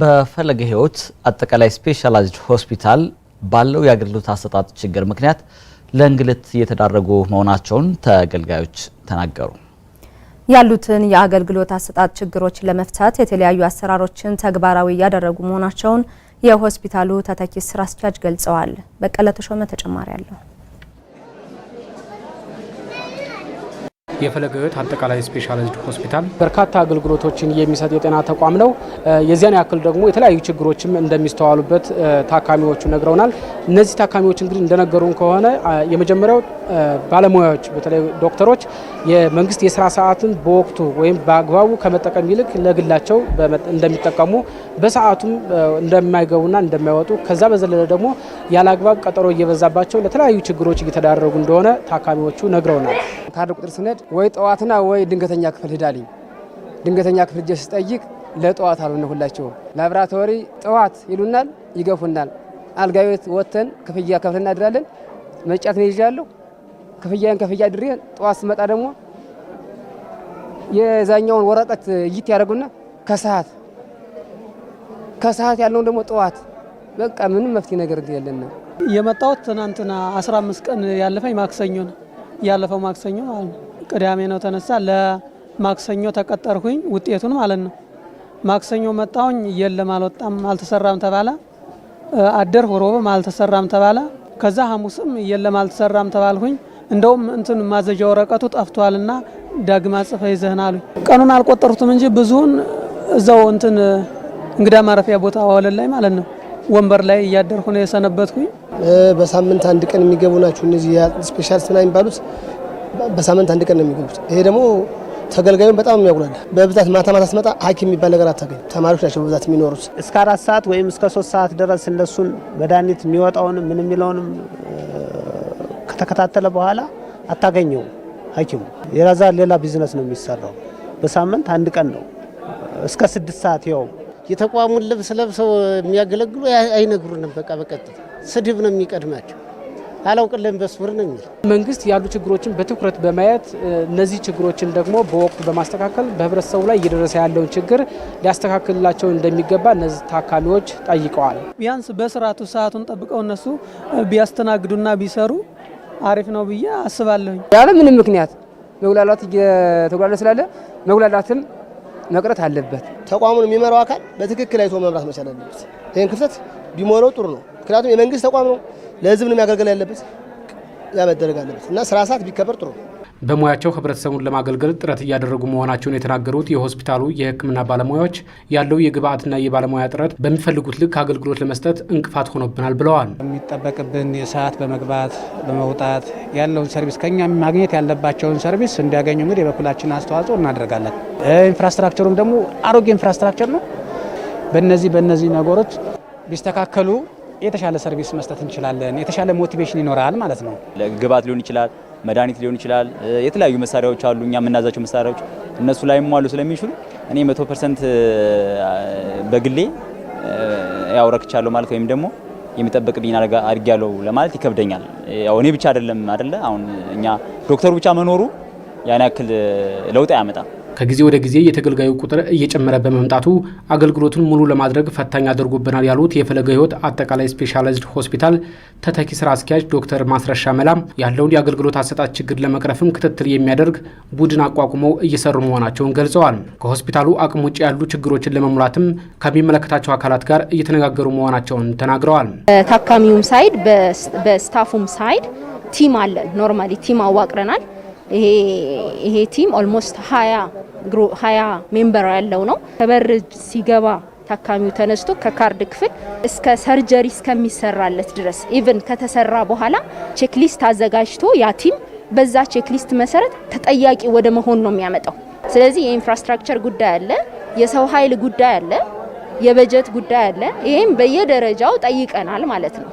በፈለገ ሕይወት አጠቃላይ ስፔሻላይዝድ ሆስፒታል ባለው የአገልግሎት አሰጣጥ ችግር ምክንያት ለእንግልት እየተዳረጉ መሆናቸውን ተገልጋዮች ተናገሩ። ያሉትን የአገልግሎት አሰጣጥ ችግሮች ለመፍታት የተለያዩ አሰራሮችን ተግባራዊ እያደረጉ መሆናቸውን የሆስፒታሉ ተተኪ ስራ አስኪያጅ ገልጸዋል። በቀለ ተሾመ ተጨማሪ አለው። የፈለገ ሕይወት አጠቃላይ ስፔሻላይዝድ ሆስፒታል በርካታ አገልግሎቶችን የሚሰጥ የጤና ተቋም ነው። የዚያን ያክል ደግሞ የተለያዩ ችግሮችም እንደሚስተዋሉበት ታካሚዎቹ ነግረውናል። እነዚህ ታካሚዎች እንግዲህ እንደነገሩን ከሆነ የመጀመሪያው ባለሙያዎች በተለይ ዶክተሮች የመንግስት የስራ ሰዓትን በወቅቱ ወይም በአግባቡ ከመጠቀም ይልቅ ለግላቸው እንደሚጠቀሙ በሰዓቱም እንደማይገቡና እንደማይወጡ ከዛ በዘለለ ደግሞ ያለ አግባብ ቀጠሮ እየበዛባቸው ለተለያዩ ችግሮች እየተዳረጉ እንደሆነ ታካሚዎቹ ነግረውናል። ካርድ ቁጥር ስነድ ወይ ጠዋትና ወይ ድንገተኛ ክፍል ሂዳልኝ። ድንገተኛ ክፍል ጀ ስጠይቅ ለጠዋት አልሆነ ሁላቸውም ላብራቶሪ ጠዋት ይሉናል፣ ይገፉናል። አልጋ ቤት ወጥተን ክፍያ ከፍለን እናድራለን። መጫት ነው ይዣለሁ። ክፍያን ከፍያ ድሬ ጠዋት ስመጣ ደግሞ የዛኛውን ወረቀት እይት ያደረጉና ከሰዓት ከሰዓት ያለውን ደግሞ ጠዋት በቃ ምንም መፍትሄ ነገር የለን። የመጣሁት ትናንትና 15 ቀን ያለፈኝ ማክሰኞ ነው። ያለፈው ማክሰኞ ማለት ነው። ቅዳሜ ነው ተነሳ። ለማክሰኞ ተቀጠርኩኝ ውጤቱን ማለት ነው። ማክሰኞ መጣሁኝ፣ የለም አልወጣም፣ አልተሰራም ተባለ። አደርሁ፣ ሮብም አልተሰራም ተባለ። ከዛ ሐሙስም የለም አልተሰራም ተባልሁኝ። እንደውም እንትን ማዘጃ ወረቀቱ ጠፍቷልና ዳግማ ጽፈ ይዘህን አሉኝ። ቀኑን አልቆጠሩትም እንጂ ብዙውን እዛው እንትን እንግዳ ማረፊያ ቦታ ወለል ላይ ማለት ነው ወንበር ላይ እያደርኩ ነው የሰነበትኩኝ። በሳምንት አንድ ቀን የሚገቡ ናቸው እነዚህ ስፔሻል ስና የሚባሉት በሳምንት አንድ ቀን ነው የሚገቡት። ይሄ ደግሞ ተገልጋዩን በጣም የሚያጉላል። በብዛት ማታ ማታ ስመጣ ሐኪም የሚባል ነገር አታገኝ። ተማሪዎች ናቸው በብዛት የሚኖሩት። እስከ አራት ሰዓት ወይም እስከ ሶስት ሰዓት ድረስ እነሱን መድኃኒት የሚወጣውንም ምን የሚለውንም ከተከታተለ በኋላ አታገኘው ሐኪሙ የራዛ ሌላ ቢዝነስ ነው የሚሰራው። በሳምንት አንድ ቀን ነው እስከ ስድስት ሰዓት ይኸው የተቋሙን ልብስ ለብሰው የሚያገለግሉ አይነግሩንም። በቃ በቀጥታ ስድብ ነው የሚቀድማቸው። አላውቅልን በስውር ነው የሚል መንግስት ያሉ ችግሮችን በትኩረት በማየት እነዚህ ችግሮችን ደግሞ በወቅቱ በማስተካከል በህብረተሰቡ ላይ እየደረሰ ያለውን ችግር ሊያስተካክልላቸው እንደሚገባ እነዚህ ታካሚዎች ጠይቀዋል። ቢያንስ በስርዓቱ ሰዓቱን ጠብቀው እነሱ ቢያስተናግዱና ቢሰሩ አሪፍ ነው ብዬ አስባለሁኝ። ያለ ምንም ምክንያት መጉላላት እየተጉላለ ስላለ መጉላላትም መቅረት አለበት። ተቋሙን የሚመራው አካል በትክክል አይቶ መምራት መቻል አለበት። ይህን ክፍተት ቢሞረው ጥሩ ነው። ምክንያቱም የመንግስት ተቋም ነው፣ ለህዝብ ነው የሚያገልግል ያለበት ያ መደረግ አለበት እና ስራ ሰዓት ቢከበር ጥሩ ነው። በሙያቸው ህብረተሰቡን ለማገልገል ጥረት እያደረጉ መሆናቸውን የተናገሩት የሆስፒታሉ የህክምና ባለሙያዎች ያለው የግብአትና የባለሙያ ጥረት በሚፈልጉት ልክ አገልግሎት ለመስጠት እንቅፋት ሆኖብናል ብለዋል። የሚጠበቅብን የሰዓት በመግባት በመውጣት ያለውን ሰርቪስ ከኛ ማግኘት ያለባቸውን ሰርቪስ እንዲያገኙ እንግዲህ የበኩላችን አስተዋጽኦ እናደርጋለን። ኢንፍራስትራክቸሩም ደግሞ አሮጌ ኢንፍራስትራክቸር ነው። በነዚህ በነዚህ ነገሮች ቢስተካከሉ የተሻለ ሰርቪስ መስጠት እንችላለን። የተሻለ ሞቲቬሽን ይኖራል ማለት ነው። ግባት ሊሆን ይችላል መድኃኒት ሊሆን ይችላል። የተለያዩ መሳሪያዎች አሉ፣ እኛ የምናዛቸው መሳሪያዎች እነሱ ላይ ሟሉ ስለሚችሉ እኔ መቶ ፐርሰንት በግሌ ያውረክቻለሁ ማለት ወይም ደግሞ የሚጠበቅብኝ አድርጊያለሁ ለማለት ይከብደኛል። ያው እኔ ብቻ አይደለም አይደለ? አሁን እኛ ዶክተሩ ብቻ መኖሩ ያን ያክል ለውጥ አያመጣም። ከጊዜ ወደ ጊዜ የተገልጋዩ ቁጥር እየጨመረ በመምጣቱ አገልግሎቱን ሙሉ ለማድረግ ፈታኝ አድርጎብናል ያሉት የፈለገ ሕይወት አጠቃላይ ስፔሻላይዝድ ሆስፒታል ተተኪ ስራ አስኪያጅ ዶክተር ማስረሻ መላም ያለውን የአገልግሎት አሰጣት ችግር ለመቅረፍም ክትትል የሚያደርግ ቡድን አቋቁመው እየሰሩ መሆናቸውን ገልጸዋል። ከሆስፒታሉ አቅም ውጭ ያሉ ችግሮችን ለመሙላትም ከሚመለከታቸው አካላት ጋር እየተነጋገሩ መሆናቸውን ተናግረዋል። ታካሚውም ሳይድ በስታፉም ሳይድ ቲም አለን። ኖርማሊ ቲም አዋቅረናል። ይሄ ቲም ኦልሞስት ሀያ ሀያ ሜምበር ያለው ነው። ከበር ሲገባ ታካሚው ተነስቶ ከካርድ ክፍል እስከ ሰርጀሪ እስከሚሰራለት ድረስ ኢቨን ከተሰራ በኋላ ቼክሊስት አዘጋጅቶ ያ ቲም በዛ ቼክሊስት መሰረት ተጠያቂ ወደ መሆን ነው የሚያመጣው። ስለዚህ የኢንፍራስትራክቸር ጉዳይ አለ፣ የሰው ኃይል ጉዳይ አለ፣ የበጀት ጉዳይ አለ። ይህም በየደረጃው ጠይቀናል ማለት ነው።